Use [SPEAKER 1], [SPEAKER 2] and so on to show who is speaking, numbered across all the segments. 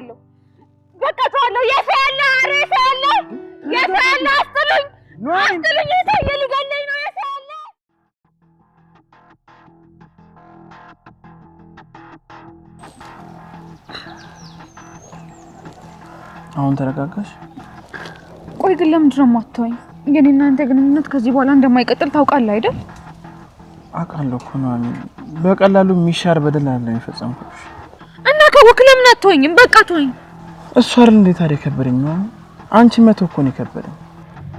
[SPEAKER 1] ተዋለሁ፣ በቃ ተዋለሁ። አስጥሉኝ፣ አስጥሉኝ። ሊገለኝ ነው።
[SPEAKER 2] አሁን ተረጋጋሽ።
[SPEAKER 1] ቆይ ግን ለምንድን ነው የማትተወኝ? የኔ እናንተ ግንኙነት ከዚህ በኋላ እንደማይቀጥል ታውቃለህ አይደል?
[SPEAKER 2] አውቃለሁ እኮ በቀላሉ የሚሻር በደል አለ የፈጸምኩሽ
[SPEAKER 1] ካወክ ለምን አትወኝም? በቃ ተወኝ።
[SPEAKER 2] እሱ አይደል እንዴ ታዲያ የከበደኝ ነው። አንቺ መቶ እኮ ነው የከበደኝ።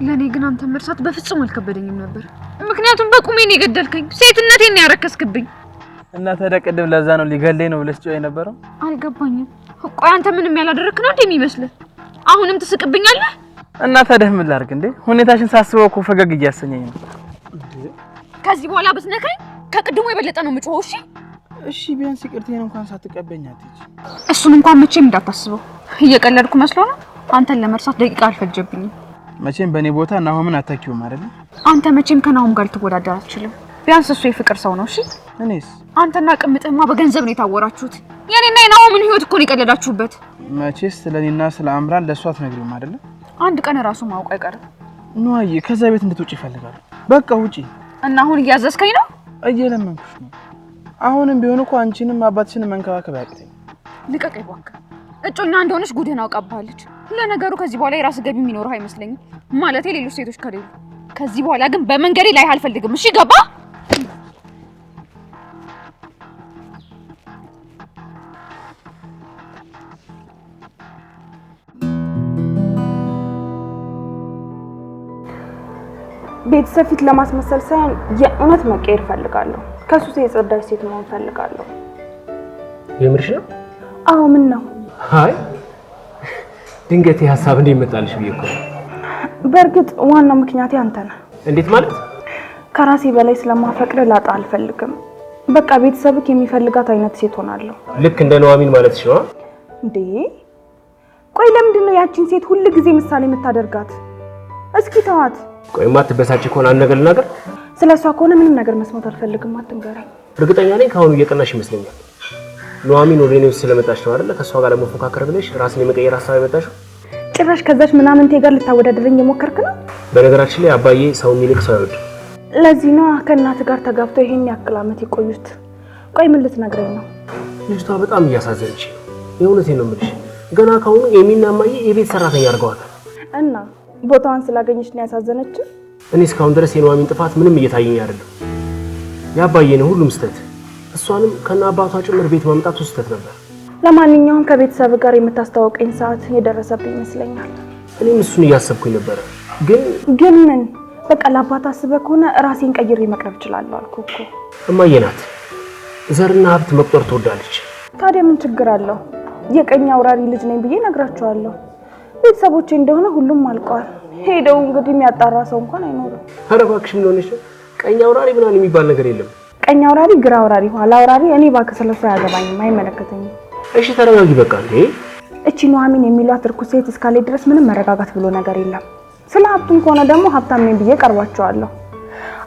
[SPEAKER 1] ለእኔ ግን አንተ መርሳት በፍጹም አልከበደኝም ነበር፣ ምክንያቱም በቁሜ ነው የገደልከኝ፣ ሴትነቴን ነው ያረከስክብኝ።
[SPEAKER 2] እና ታዲያ ቅድም ለዛ ነው ሊገለኝ ነው ብለሽ ጮኸ የነበረው
[SPEAKER 1] አልገባኝም። ቆይ አንተ ምንም ያላደረክ ነው እንዴ የሚመስልህ? አሁንም ትስቅብኛለህ?
[SPEAKER 2] እና ታዲያ ምን ላድርግ እንዴ? ሁኔታሽን ሳስበው እኮ ፈገግ እያሰኘኝ ነው።
[SPEAKER 1] ከዚህ በኋላ ብትነካኝ ከቅድሙ የበለጠ ነው የምጮኸው። እሺ
[SPEAKER 2] እሺ ቢያንስ ይቅርታዬን እንኳን ሳትቀበኛት አትሄጂ።
[SPEAKER 1] እሱን እንኳን መቼም እንዳታስበው። እየቀለድኩ መስሎ ነው። አንተን ለመርሳት ደቂቃ አልፈጀብኝም።
[SPEAKER 2] መቼም በእኔ ቦታ ናሆምን አታኪውም አይደለ?
[SPEAKER 1] አንተ መቼም ከናሆም ጋር ልትወዳደር አትችልም። ቢያንስ እሱ የፍቅር ሰው ነው። እሺ እኔስ? አንተና ቅምጥህማ በገንዘብ ነው የታወራችሁት። የኔና የናሆምን ህይወት እኮ ነው የቀለዳችሁበት።
[SPEAKER 2] መቼስ ስለ እኔና ስለ አምራን ለእሷ አትነግሪውም አይደለ?
[SPEAKER 1] አንድ ቀን እራሱ ማውቅ አይቀርም።
[SPEAKER 2] ነዋዬ ከዛ ቤት እንድትውጭ ይፈልጋሉ። በቃ ውጪ።
[SPEAKER 1] እና አሁን እያዘዝከኝ ነው?
[SPEAKER 2] እየለመንኩሽ ነው አሁንም ቢሆን እኮ አንቺንም አባትሽንም መንከባከብ ያቅተኝ።
[SPEAKER 1] ልቀቀኝ እባክህ። እጮኛ እንደሆነች ጉድህን አውቃብሃለች። ለነገሩ ከዚህ በኋላ የራስ ገቢ የሚኖረው አይመስለኝም። ማለት ሌሎች ሴቶች ከሌሉ። ከዚህ በኋላ ግን በመንገዴ ላይ አልፈልግም። እሺ ገባ? ቤተሰብ ፊት ለማስመሰል ሳይሆን የእውነት መቀየር እፈልጋለሁ። ከሱስ የጸዳች ሴት መሆን ፈልጋለሁ። የምርሽ ነው? አዎ። ምን ነው?
[SPEAKER 2] አይ ድንገት ሀሳብ እንዴት መጣልሽ ብዬ እኮ።
[SPEAKER 1] በእርግጥ ዋናው ምክንያቴ አንተ ነህ። እንዴት ማለት? ከራሴ በላይ ስለማፈቅር ላጣ አልፈልግም። በቃ ቤተሰብክ የሚፈልጋት አይነት ሴት ሆናለሁ።
[SPEAKER 2] ልክ እንደ ነዋሚን ማለት ነው
[SPEAKER 1] እንዴ? ቆይ ለምንድን ነው ያቺን ሴት ሁል ጊዜ ምሳሌ የምታደርጋት? እስኪ ተዋት።
[SPEAKER 2] ቆይ ማትበሳጭ ከሆነ አንድ ነገር ልናገር
[SPEAKER 1] ስለ እሷ ከሆነ ምንም ነገር መስማት አልፈልግም። አትንገረኝ።
[SPEAKER 2] እርግጠኛ ነኝ ከአሁኑ እየቀናሽ ይመስለኛል። ኑሐሚን ወደ እኔ ውስጥ ስለመጣች ነው አይደለ? ከእሷ ጋር ለመፎካከር ብለሽ ራስን የመቀየር ሀሳብ የመጣሽው?
[SPEAKER 1] ጭራሽ ከዛች ምናምንቴ ጋር ልታወዳደረኝ የሞከርክ ነው።
[SPEAKER 2] በነገራችን ላይ አባዬ ሰው የሚልቅ ሰው አይወድ።
[SPEAKER 1] ለዚህ ነው ከእናት ጋር ተጋብተው ይሄን ያክል አመት የቆዩት። ቆይ ምን ልትነግረኝ ነው?
[SPEAKER 2] ልጅቷ በጣም እያሳዘነች ነው። የእውነቴን ነው የምልሽ። ገና ከአሁኑ የሚናማዬ የቤት ሰራተኛ አድርገዋታል።
[SPEAKER 1] እና ቦታዋን ስላገኘች ነው ያሳዘነችን
[SPEAKER 2] እኔ እስካሁን ድረስ የኑሐሚን ጥፋት ምንም እየታየኝ አይደለም። ያባየን ሁሉም ስህተት፣ እሷንም ከነ አባቷ ጭምር ቤት ማምጣቱ ስህተት ነበር።
[SPEAKER 1] ለማንኛውም ከቤተሰብ ጋር የምታስተዋውቀኝ ሰዓት የደረሰብኝ ይመስለኛል።
[SPEAKER 2] እኔም እሱን እያሰብኩኝ ነበረ። ግን
[SPEAKER 1] ግን ምን በቃ ለአባት አስበህ ከሆነ ራሴን ቀይሬ መቅረብ እችላለሁ አልኩህ እኮ።
[SPEAKER 2] እማየናት ዘርና ሀብት መቁጠር ትወዳለች።
[SPEAKER 1] ታዲያ ምን ችግር አለው? የቀኝ አውራሪ ልጅ ነኝ ብዬ ነግራቸዋለሁ። ቤተሰቦቼ እንደሆነ ሁሉም አልቀዋል። ሄደው እንግዲህ የሚያጣራ ሰው እንኳን አይኖርም።
[SPEAKER 2] ኧረ እባክሽ ምን ሆነሽ ቀኝ አውራሪ ምናምን የሚባል ነገር የለም።
[SPEAKER 1] ቀኝ አውራሪ፣ ግራ አውራሪ፣ ኋላ አውራሪ፣ እኔ እባክህ ስለ እሱ አያገባኝም፣ አይመለከተኝም።
[SPEAKER 2] እሺ ተረጋጊ በቃ።
[SPEAKER 1] እቺ ኑሐሚን የሚሏት እርኩስ ሴት እስካሌ ድረስ ምንም መረጋጋት ብሎ ነገር የለም። ስለ ሀብቱም ከሆነ ደግሞ ሀብታም ነኝ ብዬ ቀርቧቸዋለሁ።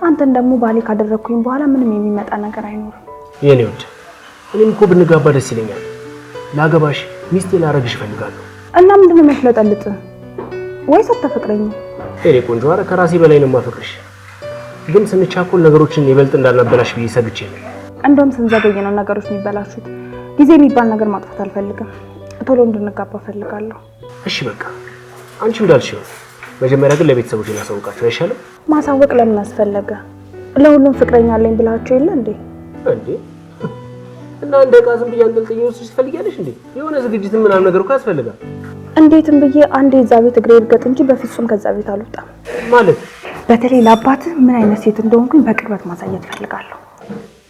[SPEAKER 1] አንተን ደግሞ ባሌ ካደረግኩኝ በኋላ ምንም የሚመጣ ነገር አይኖርም።
[SPEAKER 2] የኔ ውድ፣ እኔም እኮ ብንጋባ ደስ ይለኛል። ላገባሽ፣ ሚስቴ ላረግሽ እፈልጋለሁ።
[SPEAKER 1] እና ምንድነው ነው ወይስ አታፈቅረኝም?
[SPEAKER 2] እኔ ቆንጆ፣ ኧረ ከራሴ በላይ ነው የማፈቅርሽ። ግን ስንቻኮል ነገሮችን ይበልጥ እንዳናበላሽ ብዬ ሰግቼ ነው።
[SPEAKER 1] እንደውም ስንዘገኝ ነው ነገሮች የሚበላሹት። ጊዜ የሚባል ነገር ማጥፋት አልፈልግም። ቶሎ እንድንጋባ ፈልጋለሁ።
[SPEAKER 2] እሺ በቃ አንቺ እንዳልሽ ነው። መጀመሪያ ግን ለቤተሰቦች እናሳውቃቸው አይሻልም?
[SPEAKER 1] ማሳወቅ ለምን አስፈለገ? ለሁሉም ፍቅረኛ አለኝ ብላቸው የለ እንዴ?
[SPEAKER 2] እንዴ እና እንደ ዕቃ ዝም ብዬ አንጠልጥዬ ውስጥ ትፈልጊያለሽ እንዴ? የሆነ ዝግጅት ምናምን ነገሩ ካስፈልጋል
[SPEAKER 1] እንዴትም ብዬ አንድ የዛ ቤት እግሬ እርገጥ እንጂ በፍጹም ከዛ ቤት አልወጣም። ማለት በተለይ ለአባት ምን አይነት ሴት እንደሆንኩኝ በቅርበት ማሳየት ፈልጋለሁ።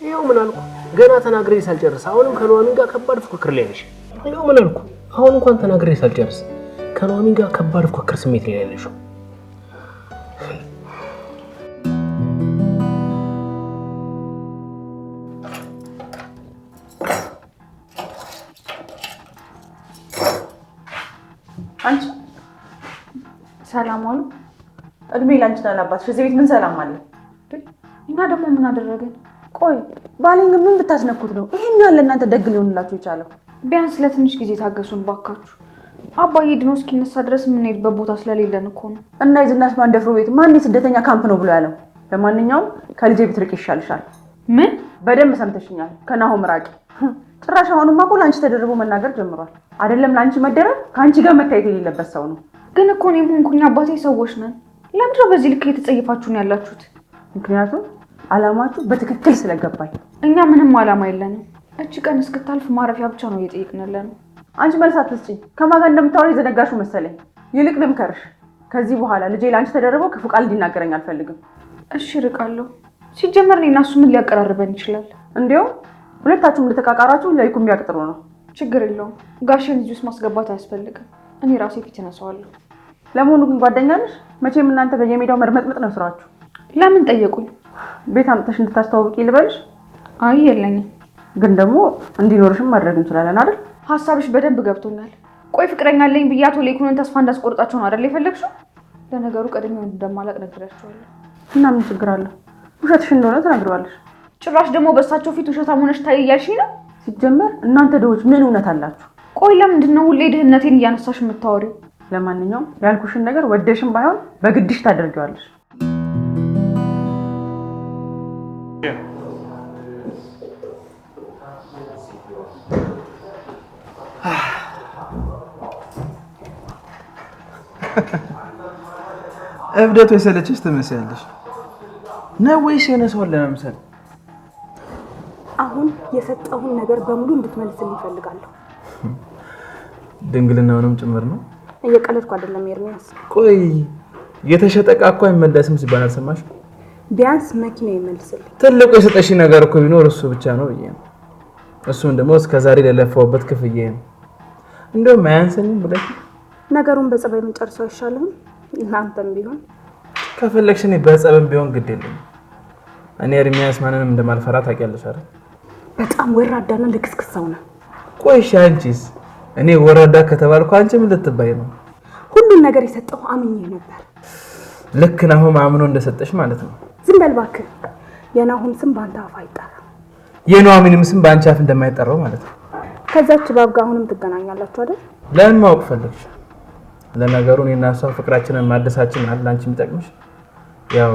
[SPEAKER 2] ይኸው ምን አልኩ? ገና ተናግሬ ሳልጨርስ አሁንም ከኑሐሚን ጋር ከባድ ፉክክር ላይ ነሽ። ይኸው ምን አልኩ? አሁን እንኳን ተናግሬ ሳልጨርስ ከኑሐሚን ጋር ከባድ ፉክክር ስሜት ላይ ያለሽው
[SPEAKER 1] አንቺ ሰላም አሉ። እድሜ ላንቺና ላባትሽ እዚህ ቤት ምን ሰላም አለ? እና ደግሞ ምን አደረገን? ቆይ ባሌን ግን ምን ብታስነኩት ነው ይሄን ያለ እናንተ ደግ ሊሆንላችሁ የቻለው? ቢያንስ ለትንሽ ጊዜ ታገሱን ባካችሁ። አባዬ ድኖ እስኪነሳ ድረስ የምንሄድበት ቦታ ስለሌለን እኮ ነው። እና የዝናሽ ማን ደፍሮ ቤት ማን የስደተኛ ካምፕ ነው ብሎ ያለው? ለማንኛውም ከልጄ ብትርቅ ይሻልሻል። ምን? በደንብ ሰምተሽኛል። ከናሆም ራቂ። ጭራሽ አሁንማ እኮ ለአንቺ ተደርቦ መናገር ጀምሯል። አይደለም ለአንቺ መደረብ ከአንቺ ጋር መታየት የሌለበት ሰው ነው። ግን እኮ እኔም ሆንኩኝ አባቴ ሰዎች ነን። ለምንድነው በዚህ ልክ እየተጸየፋችሁ ነው ያላችሁት? ምክንያቱም አላማችሁ በትክክል ስለገባኝ። እኛ ምንም አላማ የለንም። እች ቀን እስክታልፍ ማረፊያ ብቻ ነው እየጠየቅን አንቺ መልስ አትስጪ። ከማን ጋር እንደምታወሪ የዘነጋሽው መሰለኝ። ይልቅ ልምከርሽ፣ ከዚህ በኋላ ልጄ ለአንቺ ተደርቦ ክፉ ቃል እንዲናገረኝ አልፈልግም። እሺ፣ ርቃለሁ። ሲጀመር እኔና እሱ ምን ሊያቀራርበን ይችላል? እንዲያውም ሁለታችሁም እንደተቃቃራችሁ ለይኩ የሚያቅጥሩ ነው። ችግር የለውም። ጋሽን ልጅ ውስጥ ማስገባት አያስፈልግም። እኔ ራሴ ፊት እነሳዋለሁ። ለመሆኑ ግን ጓደኛ ነሽ? መቼም እናንተ በየሜዳው መርመጥመጥ ነው ስራችሁ። ለምን ጠየቁኝ? ቤት አምጥተሽ እንድታስተዋውቂ ልበልሽ? አይ የለኝም። ግን ደግሞ እንዲኖርሽም ማድረግ እንችላለን አይደል? ሀሳብሽ በደንብ ገብቶኛል። ቆይ ፍቅረኛ አለኝ ብዬ አቶ ሌኩንን ተስፋ እንዳስቆርጣቸው ነው አይደል የፈለግሽው? ለነገሩ ቀድሜ እንደማላቅ ነግሬያቸዋለሁ። እና ምን ችግር አለው? ውሸትሽ እንደሆነ ትነግሪዋለሽ። ጭራሽ ደግሞ በእሳቸው ፊት ውሸታም ሆነሽ ታያያልሽኝ ነው። ሲጀመር እናንተ ደዎች ምን እውነት አላችሁ? ቆይ ለምንድን ነው ሁሌ ድህነቴን እያነሳሽ የምታወሪው? ለማንኛውም ያልኩሽን ነገር ወደሽም ባይሆን በግድሽ ታደርጊዋለሽ።
[SPEAKER 2] እብደቱ የሰለችሽ ትመስያለሽ ነው ወይስ የሆነ ሰውን ለመምሰል
[SPEAKER 1] የሰጠውን ነገር በሙሉ እንድትመልስልኝ እፈልጋለሁ።
[SPEAKER 2] ድንግልናውንም ጭምር ነው።
[SPEAKER 1] እየቀለድኩ አይደለም ኤርሚያስ።
[SPEAKER 2] ቆይ የተሸጠ ዕቃ እኮ አይመለስም ሲባል አልሰማሽ?
[SPEAKER 1] ቢያንስ መኪና ይመልስልኝ።
[SPEAKER 2] ትልቁ የሰጠሽ ነገር እኮ ቢኖር እሱ ብቻ ነው ብዬ ነው። እሱም ደግሞ እስከዛሬ ለለፋውበት ክፍያ ነው። እንደውም አያንሰኝም ብለሽ
[SPEAKER 1] ነገሩን በጸባይ የምንጨርሰው አይሻልም? እናንተም ቢሆን
[SPEAKER 2] ከፈለግሽ እኔ በጸብም ቢሆን ግድ የለኝም። እኔ ኤርሚያስ ማንንም እንደማልፈራ ታውቂያለሽ አይደል?
[SPEAKER 1] በጣም ወራዳና ልክስክስ ሰው ነው።
[SPEAKER 2] ቆይሽ አንቺስ? እኔ ወራዳ ከተባልኩ አንቺ ምን ልትባይ ነው?
[SPEAKER 1] ሁሉን ነገር የሰጠሁ አምኜ ነበር።
[SPEAKER 2] ልክ ናሁም አምኖ እንደሰጠሽ ማለት ነው።
[SPEAKER 1] ዝም በል እባክህ። የናሁም ስም በአንተ አፍ አይጠራ፣
[SPEAKER 2] የኑሐሚንም ስም በአንቺ አፍ እንደማይጠራው ማለት ነው።
[SPEAKER 1] ከዛች እባብ ጋር አሁንም ትገናኛላችሁ አይደል?
[SPEAKER 2] ለምን ማወቅ ፈለግሽ? ለነገሩ እኔና እሷ ፍቅራችንን ማደሳችን አለ አንቺ የሚጠቅምሽ ያው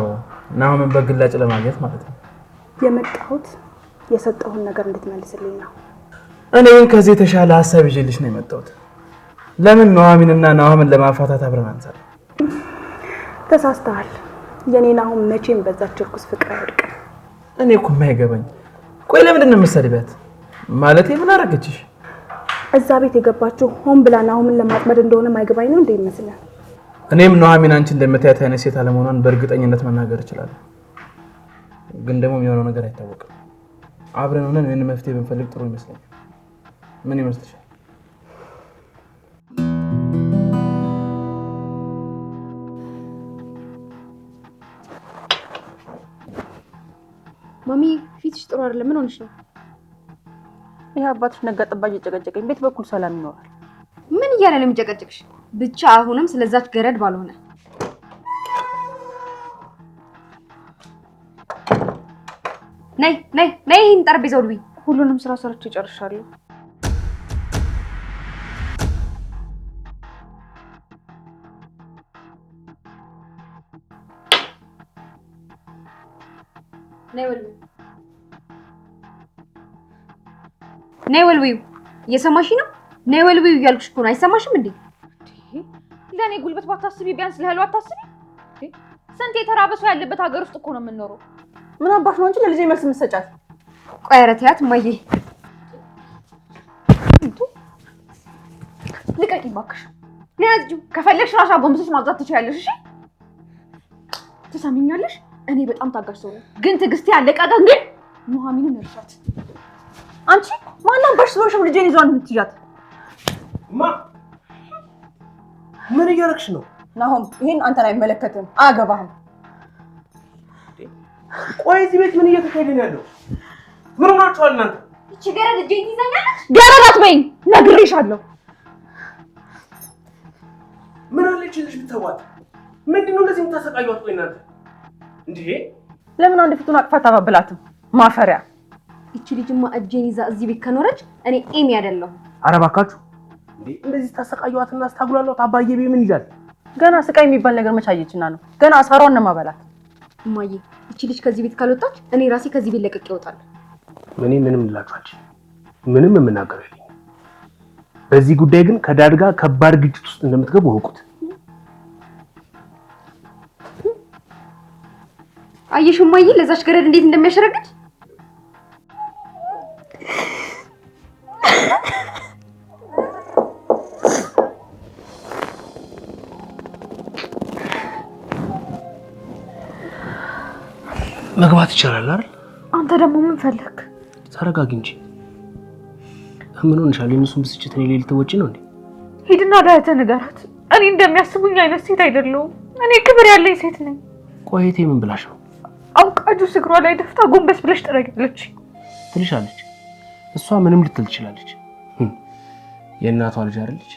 [SPEAKER 2] ናሁምን በግላጭ ለማግኘት ማለት ነው
[SPEAKER 1] የመጣሁት የሰጠውን ነገር እንድትመልስልኝ ነው።
[SPEAKER 2] እኔ ግን ከዚህ የተሻለ ሀሳብ ይዤልሽ ነው የመጣሁት። ለምን ኑሐሚንና ናሆምን ለማፋታት አብረን አንሰራ?
[SPEAKER 1] ተሳስተሃል። የኔ ናሆም መቼም በዛች እርኩስ ፍቅር አይወድቅ።
[SPEAKER 2] እኔ እኮ የማይገባኝ ቆይ፣ ለምንድን ነው የምትሰድቢያት? ማለቴ ምን አደረገችሽ?
[SPEAKER 1] እዛ ቤት የገባችው ሆን ብላ ናሆምን ለማጥመድ እንደሆነ ማይገባኝ ነው እንደ ይመስላል።
[SPEAKER 2] እኔም ኑሐሚን አንቺ እንደምታያት አይነት ሴት አለመሆኗን በእርግጠኝነት መናገር እችላለሁ። ግን ደግሞ የሚሆነው ነገር አይታወቅም። አብረን ሆነን ይህን መፍትሄ ብንፈልግ ጥሩ ይመስለኛል። ምን ይመስልሻል?
[SPEAKER 1] ማሚ ፊትሽ ጥሩ አይደለም። ምን ሆነሽ ነው? ይህ አባትሽ ነጋ ጥባጭ የጨቀጨቀኝ፣ ቤት በኩል ሰላም ይኖራል። ምን እያለ ነው የሚጨቀጭቅሽ? ብቻ አሁንም ስለዛች ገረድ ባልሆነ ነይ ነይ ነይ፣ ይህን ጠረጴዛ ውልቢ። ሁሉንም ስራ ሰርቼ እጨርሻለሁ። ነይ ወልዊው። እየሰማሽ ነው? ነይ ወልዊው እያልኩሽ እኮ ነው። አይሰማሽም እንዴ? ለእኔ ጉልበት ባታስቢ፣ ቢያንስ ለህልው አታስቢ። ስንት የተራበ ሰው ያለበት ሀገር ውስጥ እኮ ነው የምኖረው ምን አባሽ ነው አንቺ ለልጄ መልስ የምትሰጫት? ቆይ ኧረ ተያት እማዬ፣ ልቀቂ እባክሽ። ነያዝጁ ከፈለግሽ ራሻ ጎንብሰሽ ማብዛት ትችያለሽ። እሺ ትሰሚኛለሽ? እኔ በጣም ታጋሽ ሰው ነኝ፣ ግን ትዕግስቴ አለቀ። ቀን ግን ኑሐሚንን እርሻት። አንቺ ማን አባሽ ስለሆንሽም ልጄን ይዟን የምትይዣት?
[SPEAKER 2] ምን እያደረግሽ ነው
[SPEAKER 1] ናሆም? ይሄን አንተን አይመለከትም፣ አያገባህም።
[SPEAKER 2] ቆይ እዚህ ቤት ምን እየተካሄደ ነው ያለው? ምን ሆናችኋል እናንተ?
[SPEAKER 1] እቺ ገረድ እጄን ትይዘኛለች። ገረድ አትበይኝ፣ ነግሬሻለሁ።
[SPEAKER 2] ምን አለች ልጅ ብትተዋት? ምንድን ነው እንደዚህ የምታሰቃዩት? ቆይ እናንተ እንዴ
[SPEAKER 1] ለምን አንድ ፊቱን አቅፋት አባብላትም? ማፈሪያ እቺ ልጅማ እጄን ይዛ እዚህ ቤት ከኖረች እኔ ኤሚ አይደለሁ።
[SPEAKER 2] ኧረ እባካችሁ እንዴ እንደዚህ ታሰቃዩዋትና አስታጉላሏት። አባዬ ቤ ምን ይላል?
[SPEAKER 1] ገና ስቃይ የሚባል ነገር መቻየችና ነው ገና አሳሯን ነው የማበላት እማዬ እቺ ልጅ ከዚህ ቤት ካልወጣች እኔ ራሴ ከዚህ ቤት ለቀቅ ይወጣል።
[SPEAKER 2] እኔ ምንም ልላችሁ ምንም የምናገረው የለኝም። በዚህ ጉዳይ ግን ከዳድ ጋር ከባድ ግጭት ውስጥ እንደምትገቡ እወቁት።
[SPEAKER 1] አየሽ እማዬ፣ ለዛች ገረድ እንዴት እንደሚያሸረግድ
[SPEAKER 2] መግባት ይቻላል አይደል?
[SPEAKER 1] አንተ ደግሞ ምን ፈለክ?
[SPEAKER 2] ተረጋጊ እንጂ ምን ሆንሻል? የእነሱን ብስጭት እኔ ላይ ልትወጪ ነው እንዴ?
[SPEAKER 1] ሂድና ዳያተ ንገራት። እኔ እንደሚያስቡኝ አይነት ሴት አይደለሁም። እኔ ክብር ያለኝ ሴት ነኝ።
[SPEAKER 2] ቆይቴ ምን ብላሽ ነው?
[SPEAKER 1] አውቃጁ እግሯ ላይ ደፍታ ጎንበስ ብለሽ ትረጊያለች
[SPEAKER 2] ትልሻለች። እሷ ምንም ልትል ትችላለች። የእናቷ ልጅ አይደለች?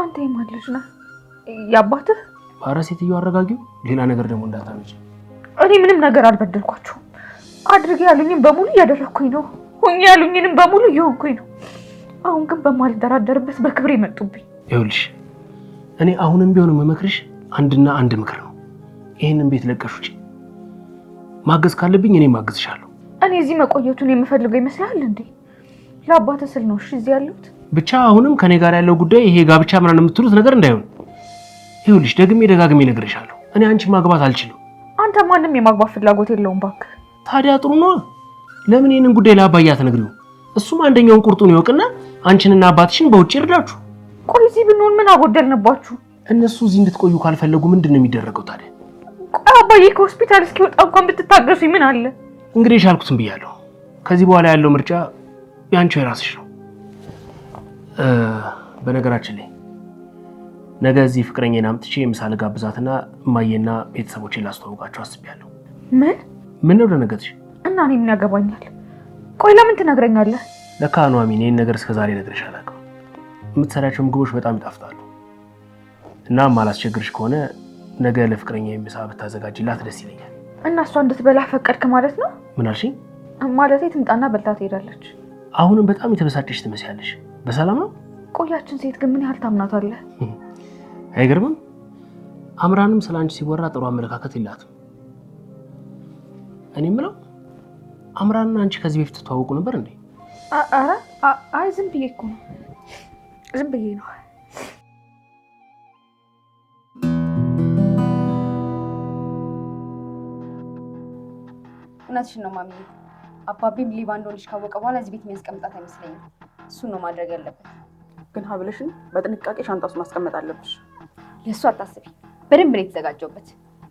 [SPEAKER 1] አንተ የማን ልጅ ነህ? የአባትህ?
[SPEAKER 2] ኧረ ሴትዮዋ አረጋጊው። ሌላ ነገር ደግሞ እንዳታመጪ
[SPEAKER 1] እኔ ምንም ነገር አልበደልኳቸውም። አድርገ ያሉኝን በሙሉ እያደረግኩኝ ነው። ሁኝ ያሉኝንም በሙሉ እየሆንኩኝ ነው። አሁን ግን በማልደራደርበት በክብር መጡብኝ።
[SPEAKER 2] ይኸውልሽ እኔ አሁንም ቢሆን የምመክርሽ አንድና አንድ ምክር ነው። ይህንን ቤት ለቀሽ ውጪ። ማገዝ ካለብኝ እኔ ማገዝሻለሁ።
[SPEAKER 1] እኔ እዚህ መቆየቱን የምፈልገው ይመስላል እንዴ? ለአባተ ስል ነው እሺ እዚህ ያለሁት።
[SPEAKER 2] ብቻ አሁንም ከኔ ጋር ያለው ጉዳይ ይሄ ጋብቻ ምናምን የምትሉት ነገር እንዳይሆን። ይኸውልሽ ደግሜ ደጋግሜ እነግርሻለሁ፣ እኔ አንቺ ማግባት አልችልም።
[SPEAKER 1] አንተ ማንም የማግባት ፍላጎት የለውም ባክ
[SPEAKER 2] ታዲያ ጥሩ ነዋ። ለምን ይህንን ጉዳይ ለአባዬ አትነግሪውም? እሱም አንደኛውን ቁርጡን ይወቅና አንቺንና አባትሽን በውጭ ይርዳችሁ።
[SPEAKER 1] ቆይ እዚህ ብንሆን ምን አጎደልንባችሁ?
[SPEAKER 2] እነሱ እዚህ እንድትቆዩ ካልፈለጉ ምንድን ነው የሚደረገው ታዲያ?
[SPEAKER 1] ቆይ አባዬ ከሆስፒታል እስኪወጣ እንኳን ብትታገሱ ምን አለ?
[SPEAKER 2] እንግዲህ ሻልኩትን ብያለሁ። ከዚህ በኋላ ያለው ምርጫ ያንቺው የራስሽ ነው። በነገራችን ላይ ነገ እዚህ ፍቅረኛዬን አምጥቼ ምሳ ልጋብዛትና እማዬና ቤተሰቦቼን ላስተዋውቃቸው አስቤያለሁ። ምን ምን ነው ደነገጥሽ?
[SPEAKER 1] እና እኔ ምን ያገባኛል? ቆይ ለምን ትነግረኛለህ?
[SPEAKER 2] ለካ ኑሐሚን ይህን ነገር እስከዛሬ ነግሬሽ አላውቅም። የምትሰሪያቸው ምግቦች በጣም ይጣፍጣሉ። እና አላስቸግርሽ ከሆነ ነገ ለፍቅረኛ ምሳ ብታዘጋጅላት ደስ ይለኛል።
[SPEAKER 1] እና እሷ እንድትበላ ፈቀድክ ማለት ነው? ምን አልሽኝ? ማለቴ ትምጣና በልታ ትሄዳለች።
[SPEAKER 2] አሁንም በጣም የተበሳጨሽ ትመስያለሽ። በሰላም ነው?
[SPEAKER 1] ቆያችን ሴት ግን ምን ያህል ታምናታለህ?
[SPEAKER 2] አይገርምም? አምራንም ስለ አንቺ ሲወራ ጥሩ አመለካከት የላትም። እኔ ምለው አምራንና አንቺ ከዚህ በፊት ተዋውቁ ነበር እንዴ?
[SPEAKER 1] አረ አይ ዝም ብዬ እኮ ነው፣ ዝም ብዬ ነው። እውነትሽን ነው ማሚ። አባቤም ሌባ እንደሆነች ካወቀ በኋላ እዚህ ቤት የሚያስቀምጣት አይመስለኝም። እሱን ነው ማድረግ ያለበት። ግን ሀብልሽን በጥንቃቄ ሻንጣ ውስጥ ማስቀመጥ አለብሽ። ለእሱ አታስቢ። በደንብ ነው የተዘጋጀውበት።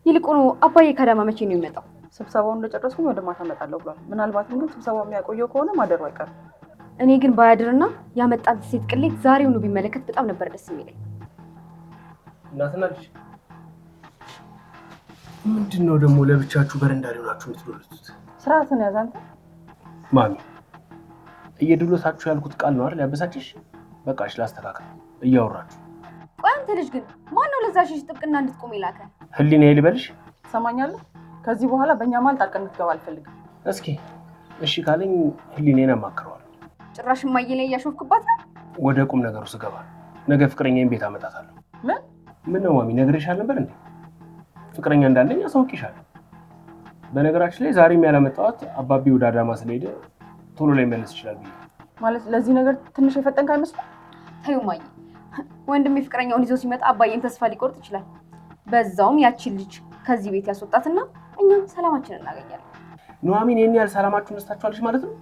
[SPEAKER 1] ይልቁኑ አባዬ ከዳማ መቼ ነው የሚመጣው? ስብሰባውን እንደጨረስኩኝ ወደ ማታ እመጣለሁ ብሏል። ምናልባትም ግን ስብሰባው የሚያቆየው ከሆነ ማደሩ አይቀርም። እኔ ግን ባያድርና ያመጣት ሴት ቅሌት ዛሬውኑ ቢመለከት በጣም ነበር ደስ የሚለኝ።
[SPEAKER 2] እናትና ልጅ ምንድን ነው ደግሞ ለብቻችሁ በረንዳ ላይ ሆናችሁ የምትዶለቱት?
[SPEAKER 1] ስርዓትን ያዝ አንተ።
[SPEAKER 2] ማሚ እየድሎታችሁ ያልኩት ቃል ነው አይደል ያበሳጭሽ? በቃሽ ላስተካከል እያወራችሁ
[SPEAKER 1] ቆይ አንተ ልጅ ግን ነው ለዛ ሽሽ ጥብቅና እንድትቆም ይላከ?
[SPEAKER 2] ህሊና ይሄ ልበልሽ።
[SPEAKER 1] ትሰማኛለህ? ከዚህ በኋላ በእኛ መሀል ጣልቃ እንድትገባ አልፈልግም።
[SPEAKER 2] እስኪ እሺ ካለኝ ህሊኔን አማክረዋለሁ።
[SPEAKER 1] ጭራሽ ማየኔ ላይ እያሾፍክባት ነው።
[SPEAKER 2] ወደ ቁም ነገሩ ስገባ ነገ ፍቅረኛዬን ቤት አመጣታለሁ። ምን ምን ነው ማሚ ነግሬሻል ነበር እንዴ? ፍቅረኛ እንዳለኝ አሳውቂሻለሁ። በነገራችን ላይ ዛሬም ያላመጣኋት አባቢ ወደ አዳማ ስለሄደ ቶሎ ላይ መለስ ይችላል ብዬ
[SPEAKER 1] ማለት። ለዚህ ነገር ትንሽ የፈጠንክ አይመስልም? ተይው እማዬ ወንድሜ ፍቅረኛውን ይዞ ሲመጣ አባዬን ተስፋ ሊቆርጥ ይችላል። በዛውም ያችን ልጅ ከዚህ ቤት ያስወጣትና እኛም ሰላማችን እናገኛለን።
[SPEAKER 2] ኑሐሚን ይህን ያህል ሰላማችሁን ነስታችኋለች ማለት ነው።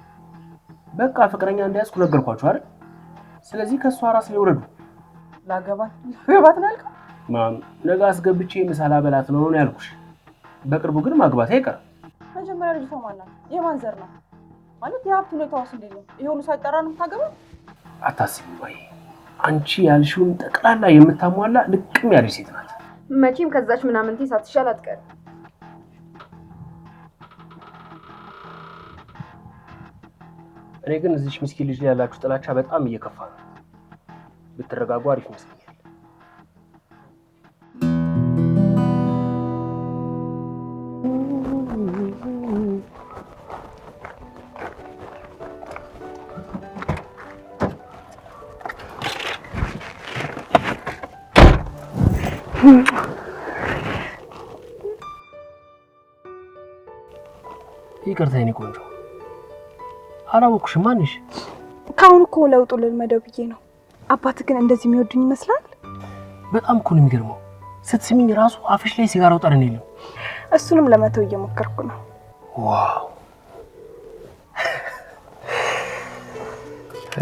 [SPEAKER 2] በቃ ፍቅረኛ እንዳያዝኩ ነገርኳችሁ አይደል? ስለዚህ ከእሷ ራስ ላይ ውረዱ።
[SPEAKER 1] ላገባት ገባት ነው ያልከው?
[SPEAKER 2] ነገ አስገብቼ ምሳ በላት ነው ነው ያልኩሽ። በቅርቡ ግን ማግባት አይቀርም።
[SPEAKER 1] መጀመሪያ ልጅቷ ማናት? የማን ዘር ነው ማለት የሀብት ሁኔታዋስ እንዴት ነው? ይሄ ሁሉ ሳይጠራ ነው የምታገባው?
[SPEAKER 2] አታስቢ ባይ አንቺ ያልሽውን ጠቅላላ የምታሟላ ልቅም ያለች ሴት ናት።
[SPEAKER 1] መቼም ከዛች ምናምንቴ ሳትሻል አትቀር።
[SPEAKER 2] እኔ ግን እዚች ምስኪን ልጅ ላይ ያላችሁ ጥላቻ በጣም እየከፋ ነው። ብትረጋጉ አሪፍ መስሎኛል። ይቅርታ የኔ ቆንጆ አላወኩሽም። ማንሽ
[SPEAKER 1] ከአሁን እኮ ለውጡ ልልመደው ብዬ ነው። አባት ግን እንደዚህ የሚወዱኝ ይመስላል።
[SPEAKER 2] በጣም እኮ ነው የሚገርመው። ስትስሚኝ ራሱ አፍሽ ላይ ሲጋራው ጠረን የለም።
[SPEAKER 1] እሱንም ለመተው እየሞከርኩ ነው።
[SPEAKER 2] ዋው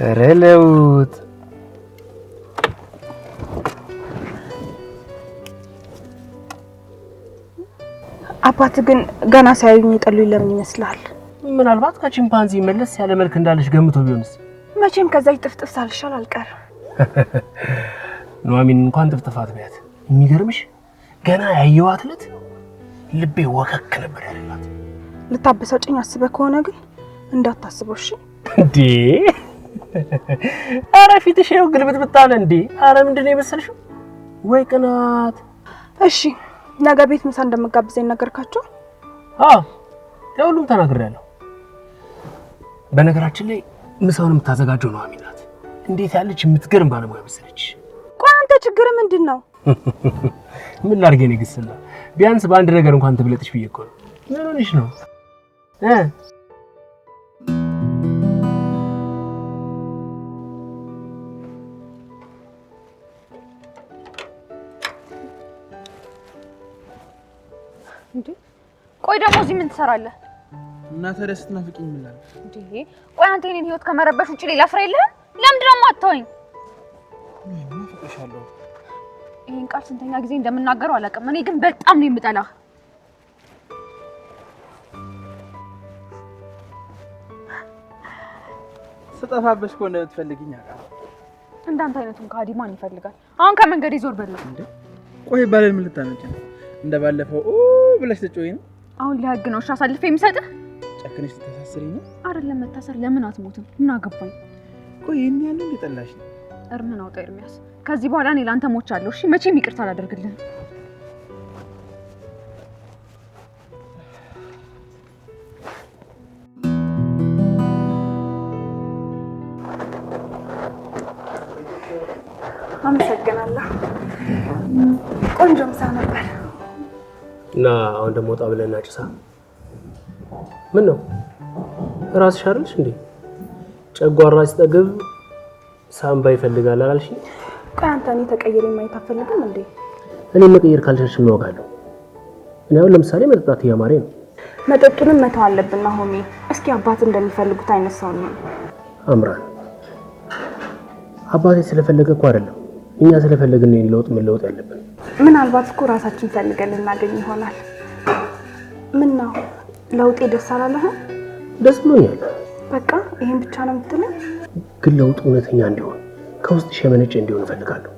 [SPEAKER 2] ኧረ
[SPEAKER 1] አባት ግን ገና ሳያዩኝ ይጠሉኝ ለምን ይመስላል?
[SPEAKER 2] ምናልባት ከቺምፓንዚ መለስ ያለ መልክ እንዳለሽ ገምቶ ቢሆንስ?
[SPEAKER 1] መቼም ከዛች ጥፍጥፍ ሳልሻል አልቀርም።
[SPEAKER 2] ኑሐሚን እንኳን ጥፍጥፋት ቢያት የሚገርምሽ ገና ያየዋት ዕለት ልቤ ወከክ ነበር ያለባት።
[SPEAKER 1] ልታበሳጭኝ አስበህ ከሆነ ግን እንዳታስበው እሺ።
[SPEAKER 2] እንዴ አረ ፊትሽ ነው ግልብት ብታለ እንዴ! አረ ምንድን ነው የመሰልሽው? ወይ ቅናት።
[SPEAKER 1] እሺ ነገ ቤት ምሳ እንደምጋብዘኝ ነገርካቸው?
[SPEAKER 2] አዎ ለሁሉም ተናግሬያለሁ። በነገራችን ላይ ምሳውን የምታዘጋጀው ነው አሚናት። እንዴት ያለች የምትገርም ባለሙያ መሰለች።
[SPEAKER 1] ቆይ አንተ ችግር ምንድን ነው?
[SPEAKER 2] ምን ላድርግ እኔ ቢያንስ በአንድ ነገር እንኳን ትብለጥሽ ብዬ እኮ ነው። ምን ነው?
[SPEAKER 1] ቆይ ደግሞ እዚህ ምን ትሰራለህ?
[SPEAKER 2] እና ታዲያ ስትናፍቂኝ ምን
[SPEAKER 1] እንዴ? ቆይ አንተ የእኔን ህይወት ከመረበሽ ውጭ ሌላ ስራ የለህም? ለምንድን ነው የማታወኝ?
[SPEAKER 2] ናፍቄሻለሁ።
[SPEAKER 1] ይህን ቃል ስንተኛ ጊዜ እንደምናገረው አላውቅም። እኔ ግን በጣም ነው የምጠላህ።
[SPEAKER 2] ስጠፋበሽ ከሆነ ትፈልግኝ አውቃለሁ።
[SPEAKER 1] እንዳንተ አይነቱን ከሃዲ ማን ይፈልጋል? አሁን ከመንገዴ ዞር በለው።
[SPEAKER 2] ቆይ ባለል ምን ልታመጪ ነው? እንደ ባለፈው ብለሽ ትጮይ ነው
[SPEAKER 1] አሁን ለህግ ነው እሺ አሳልፈ የሚሰጥህ?
[SPEAKER 2] ጨክነሽ ልታሳስረኝ ነው?
[SPEAKER 1] አይደለም መታሰር ለምን አትሞትም? ምን አገባኝ?
[SPEAKER 2] ቆይ ይሄን ያህል እንደጠላሽ ነው።
[SPEAKER 1] እርምህን አውጣ ኤርሚያስ። ከዚህ በኋላ እኔ ላንተ ሞቻለሁ። እሺ መቼም ይቅርታ አላደርግልህም።
[SPEAKER 2] እና አሁን ደግሞ ወጣ ብለና ጭሳ ምን ነው ራስሽ አይደልሽ እንዴ? ጨጓራ ሲጠግብ ሳምባ ይፈልጋል አላልሽ?
[SPEAKER 1] ቆይ አንተ እኔ ተቀይሬ ማየት አትፈልግም እንዴ?
[SPEAKER 2] እኔ መቀየር ካልቻልሽ ምን ዋጋለሁ? እኔ አሁን ለምሳሌ መጠጣት እያማረኝ ነው።
[SPEAKER 1] መጠጡንም መተው አለብን ሆሚ። እስኪ አባት እንደሚፈልጉት አይነት ሰው ነው
[SPEAKER 2] አምራን። አባቴ ስለፈለገ እኮ አይደለም እኛ ስለፈለግን ነው ለውጥ መለወጥ ያለብን።
[SPEAKER 1] ምናልባት እኮ ራሳችን ፈልገን ልናገኝ ይሆናል። ምን ነው ለውጤ ደስ አላለህ? ደስ ብሎኛል። በቃ ይሄን ብቻ ነው የምትለኝ?
[SPEAKER 2] ግን ለውጥ እውነተኛ እንዲሆን ከውስጥ ሸመነጭ እንዲሆን እፈልጋለሁ።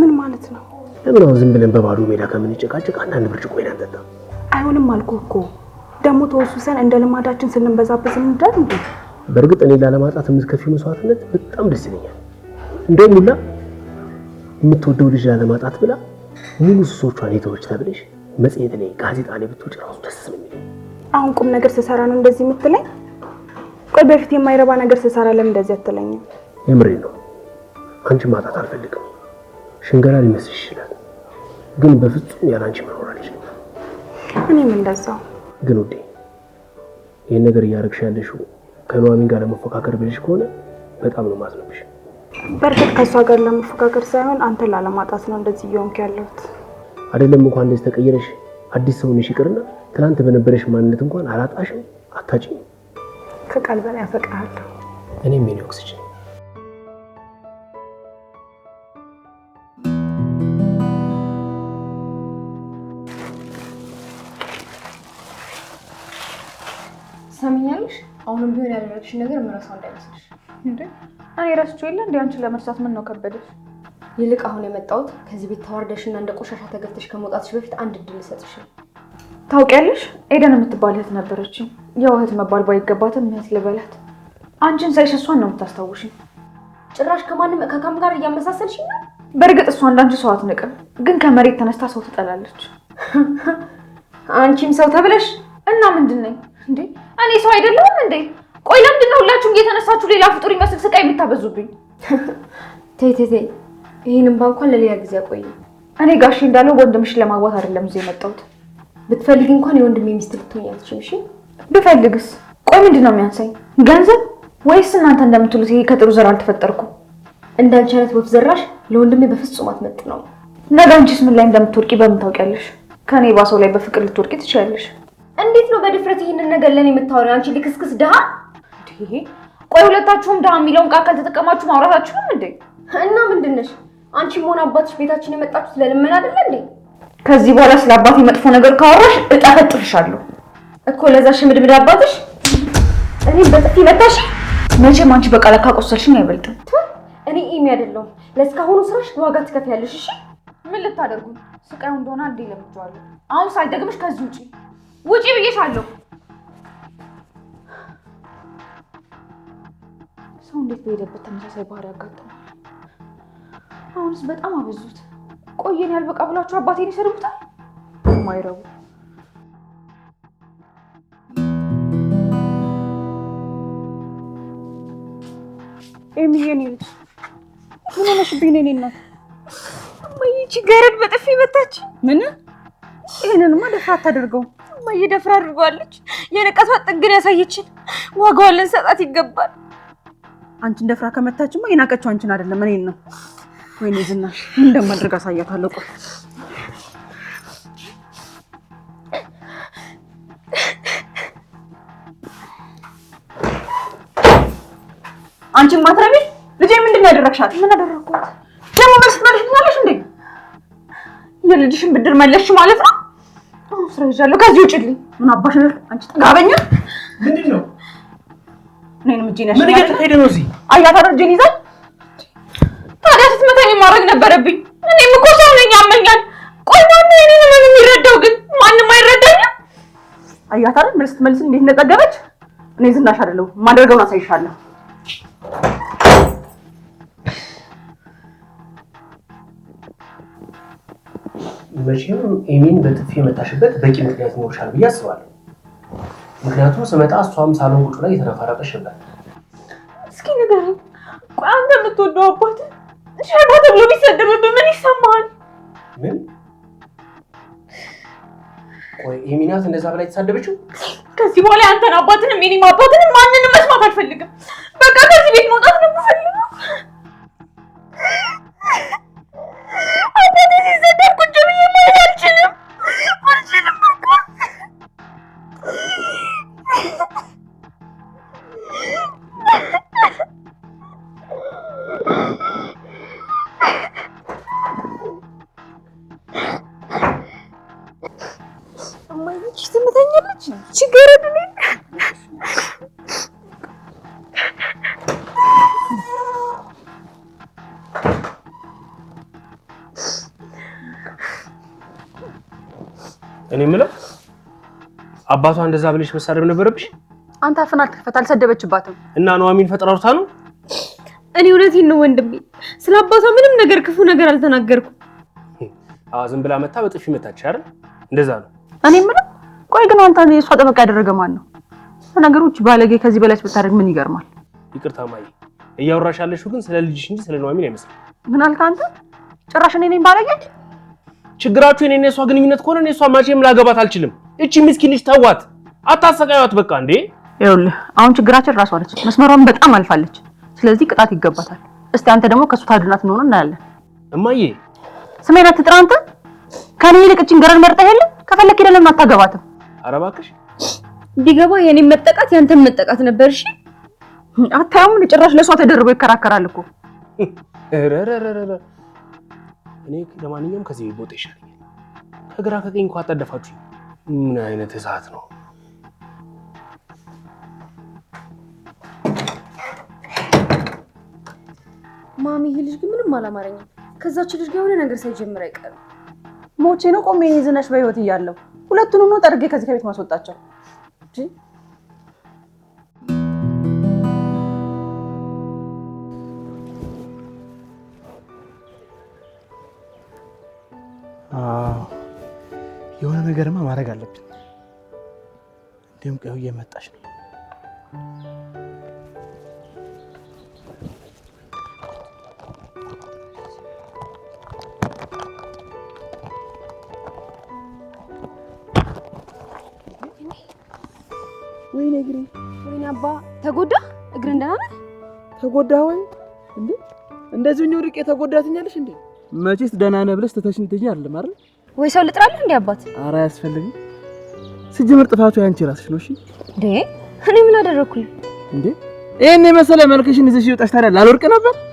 [SPEAKER 1] ምን ማለት ነው?
[SPEAKER 2] ለምን አሁን ዝም ብለን በባዶ ሜዳ ከምንጨቃጨቅ አንዳንድ ብርጭቆ ሜዳ እንጠጣ።
[SPEAKER 1] አይሆንም አልኩህ እኮ ደግሞ ተወሱሰን እንደ ልማዳችን ስንበዛበት እንዳል እንዴ።
[SPEAKER 2] በእርግጥ እኔ ላለማጣት የምትከፊው መስዋዕትነት በጣም ደስ ይለኛል እንደውም ሁላ የምትወደው ልጅ ላለማጣት ብላ ሙሉ ሱሶቿን የተወች ተብለሽ መጽሔት ላይ ጋዜጣ ላይ ብትወጪ ራሱ ደስ ነው
[SPEAKER 1] አሁን ቁም ነገር ስሰራ ነው እንደዚህ የምትለኝ? ቆይ በፊት የማይረባ ነገር ስሰራ ለምን እንደዚህ አትለኝም?
[SPEAKER 2] የምሬ ነው። አንቺ ማጣት አልፈልግም። ሽንገላ ሊመስልሽ ይችላል፣ ግን በፍጹም ያለ አንቺ መኖር አልችልም።
[SPEAKER 1] እኔም እንደዛው።
[SPEAKER 2] ግን ውዴ ይህን ነገር እያደረግሽ ያለሽው ከኑሐሚን ጋር ለመፎካከር ብልሽ ከሆነ በጣም ነው ማዝነብሽ።
[SPEAKER 1] በእርግጥ ከእሷ ጋር ለመፈጋገር ሳይሆን አንተን ላለማጣት ነው እንደዚህ እየሆንክ ያለሁት።
[SPEAKER 2] አይደለም እንኳን እንደዚህ ተቀየረሽ አዲስ ሰው ነሽ ይቅርና ትናንት በነበረሽ ማንነት እንኳን አላጣሽም፣ አታጭም።
[SPEAKER 1] ከቃል በላይ አፈቅርሃለሁ።
[SPEAKER 2] እኔም ሜኒ ኦክስጅን
[SPEAKER 1] ሰምኛለሽ። አሁንም ቢሆን ያደረግሽ ነገር ምረሳው እንዳይመስልሽ እንዴ እኔ እረስቼው የለ እንደ አንቺ ለመርሳት ምን ነው ከበደሽ? ይልቅ አሁን የመጣሁት ከዚህ ቤት ተዋርደሽና እንደ ቆሻሻ ተገፍተሽ ከመውጣትሽ በፊት አንድ እድል ልሰጥሽ። ታውቂያለሽ፣ ኤደን የምትባል እህት ነበረች። ያው እህት መባል ባይገባትም እህት ልበላት። አንቺን ሳይሽ እሷን ነው የምታስታውሽኝ። ጭራሽ ከማንም ከካም ጋር እያመሳሰልሽ ነው። በእርግጥ እሷ እንዳንቺ ሰው አትንቅም፣ ግን ከመሬት ተነስታ ሰው ትጠላለች። አንቺም ሰው ተብለሽ እና ምንድን ነኝ እንዴ? እኔ ሰው አይደለሁም እንዴ? ቆይ ለምንድን ነው ሁላችሁም እየተነሳችሁ ሌላ ፍጡር የሚመስል ስቃይ የምታበዙብኝ? ተይ ተይ ተይ፣ ይህን እንባ እንኳን ለሌላ ጊዜ አቆይ። እኔ ጋሽ እንዳለው ወንድምሽን ለማግባት አይደለም እዚህ የመጣሁት። ብትፈልግ እንኳን የወንድሜ ሚስት ልትሆኝ አትችይም። እሺ ብፈልግስ? ቆይ ምንድን ነው የሚያንሳኝ? ገንዘብ ወይስ እናንተ እንደምትሉት ይሄ ከጥሩ ዘር አልተፈጠርኩም? እንዳንቺ አይነት ወፍ ዘራሽ ለወንድሜ በፍጹም አትመጥ ነው። ነገ አንቺስ ምን ላይ እንደምትወድቂ በምን ታውቂያለሽ? ከእኔ ባሰው ላይ በፍቅር ልትወድቂ ትችላለሽ። እንዴት ነው በድፍረት ይህንን ነገር ለእኔ የምታወሪው? አንቺ ልክስክስ ድሃ ይሄ ቆይ ሁለታችሁም ድሀ የሚለውን ቃል ካልተጠቀማችሁ ማውራታችሁም እንዴ እና ምንድነሽ አንቺም ሆነ አባትሽ ቤታችን የመጣችሁት ለልመና አይደለ እንዴ ከዚህ በኋላ ስለ አባቴ መጥፎ ነገር ካወራሽ እጠፈጥፍሻለሁ እኮ ለዛ ሽምድምድ አባትሽ እኔም በጥፊ መታሽ መቼም አንቺ በቃላት ካቆሰልሽኝ አይበልጥም እኔ ኢሜ አይደለሁም ለእስካሁኑ ስራሽ ዋጋ ትከፍያለሽ እሺ ምን ልታደርጉ ስቃዩ እንደሆነ አንዴ ለምጄዋለሁ አሁን ሳይደግምሽ ከዚህ ውጪ ውጪ ብዬሻለሁ ሰው እንዴት በሄደበት ተመሳሳይ ባህሪ ያጋጥማል? አሁንስ በጣም አበዙት። ቆየን ያልበቃ ብላችሁ አባቴን ይሰርቡታል ማይረቡ ኤሚዬ፣ ልጅ ምን ሆነሽብኝ ነው? እኔ እናት እማዬ፣ ገረድ በጥፊ መታች። ምን? ይሄንንማ ደፍራ አታደርገውም እማዬ። ደፍራ አድርገዋለች። የንቀቷ ጥግን ያሳየችን ዋጋዋን ልንሰጣት ይገባል። አንቺ እንደፍራ ከመታችማ የናቀችው አንቺን አይደለም እኔን ነው። ወይኔ ዝናሽ ምን እንደማድረግ አሳያታለሁ። ቆይ አንቺን ማትረቢ ልጄ ምንድን ነው ያደረግሻት? ምን አደረግኩት ደግሞ? መልስ ትመልሽልኛለሽ እንዴ? የልጅሽን ብድር መለስሽ ማለት ነው? አሁን ስራ ይዣለሁ። ከዚህ ውጭልኝ። ምን አባሽ አንቺ ጥጋበኛ ምንድን ነው እኔንም እጄን ያሸ
[SPEAKER 2] ምን እየተካሄደ ነው እዚህ?
[SPEAKER 1] አያታር እጄን ይዛል። ታዲያ ስትመታኝ ማድረግ ነበረብኝ። እኔም እኮ ሰው ነኝ፣ ያመኛል። ቆይ ማነው የእኔን ህመም የሚረዳው ግን? ማንም አይረዳኝም። አያታር መልስ ትመልስ እንዴት እንደጠገበች። እኔ ዝናሽ አይደለሁ፣ ማደርገውን አሳይሻለሁ።
[SPEAKER 2] መቼም ኤሚን በጥፊ የመታሽበት በቂ ምክንያት ይኖርሻል ብዬ አስባለሁ። ምክንያቱም ስመጣ እሷም ሳሎን ቁጭ ላይ የተነፈረቀች ነበር።
[SPEAKER 1] እስኪ ንገረኝ፣ ቆይ አንተ የምትወደው አባት ሸርባ ተብሎ ቢሰደብብህ ምን ይሰማሃል?
[SPEAKER 2] ምን? ቆይ የሚናት እንደዛ በላይ የተሳደበችው?
[SPEAKER 1] ከዚህ በኋላ አንተን አባትንም የኔም አባትንም ማንንም መስማት አልፈልግም። በቃ ከዚህ ቤት መውጣት ነው
[SPEAKER 2] እኔ የምለው አባቷ እንደዛ ብለሽ መሳደብ ነበረብሽ።
[SPEAKER 1] አንተ አፍን አልተከፈት አልሰደበችባትም
[SPEAKER 2] እና ኑሐሚን ፈጥራውታ ነው።
[SPEAKER 1] እኔ እውነቴን ነው ወንድሜ፣ ስለ አባቷ ምንም ነገር ክፉ ነገር አልተናገርኩም።
[SPEAKER 2] አዎ ዝም ብላ መታ በጥፊ መታች አይደል? እንደዛ ነው።
[SPEAKER 1] እኔ የምለው ቆይ ግን አንተ የእሷ ጠበቃ ያደረገ ማን ነው? ነገሮች ባለጌ ከዚህ በላይ ብታደርግ ምን ይገርማል?
[SPEAKER 2] ይቅርታ ማይ እያወራሽ ያለሽው ግን ስለ ልጅሽ እንጂ ስለ ኑሐሚን አይመስልም።
[SPEAKER 1] ምን አልክ አንተ? ጭራሽ እኔ ነኝ ባለጌ?
[SPEAKER 2] ችግራችሁ የኔ እሷ ግንኙነት ከሆነ እኔ እሷ ማቼም ላገባት አልችልም። እቺ ምስኪን ልጅ ተዋት፣ አታሰቃያት። በቃ እንዴ
[SPEAKER 1] ይኸውልህ፣ አሁን ችግራችን ራሷ ነች። መስመሯን በጣም አልፋለች። ስለዚህ ቅጣት ይገባታል። እስቲ አንተ ደግሞ ከእሱ ታድናት እንደሆነ እናያለን። እማዬ ስሜን አትጥራ። አንተ ከኔ ይልቅ እቺን ገረድ መርጠህ የለ ከፈለክ ሄደህ ለምን አታገባትም? ኧረ እባክሽ ቢገባ የኔ መጠቃት ያንተን መጠቃት ነበር። እሺ አታየውም? ጭራሽ ለእሷ ተደርቦ ይከራከራል እኮ
[SPEAKER 2] እኔ ለማንኛውም ከዚህ ቦታ ይሻለኛል። ከግራ ከቀኝ እንኳ አጣደፋችሁ። ምን አይነት እሳት ነው?
[SPEAKER 1] ማሚ፣ ይሄ ልጅ ግን ምንም አላማረኝም። ከዛች ልጅ ጋር የሆነ ነገር ሳይጀምር አይቀርም። ሞቼ ነው ቆሜ ዝናሽ በህይወት እያለሁ ሁለቱንም ነው ጠርጌ ከዚህ ከቤት ማስወጣቸው።
[SPEAKER 2] የሆነ ነገርማ ማድረግ አለብን። እንዲሁም ቀዩ እየመጣች ነው።
[SPEAKER 1] ወይኔ እግሬ፣ ወይኔ አባ፣ ተጎዳ እግር። እንደናነ
[SPEAKER 2] ተጎዳ ወይ እንዴ? እንደዚህ ወድቄ ተጎዳትኛለሽ እንዴ? መቼስ ደህና ነህ ብለሽ ትተሽኝ ትሄጂ አይደለም አይደል?
[SPEAKER 1] ወይ ሰው ልጥራለሁ እንዴ አባት?
[SPEAKER 2] አረ አያስፈልግም። ሲጀምር ጥፋቱ ያንቺ ራስሽ ነው። እሺ
[SPEAKER 1] እንዴ እኔ ምን አደረኩኝ
[SPEAKER 2] እንዴ? ይሄን የመሰለ መልክሽን ይዘሽ ይወጣሽ ታዲያ ላልወርቅ ነበር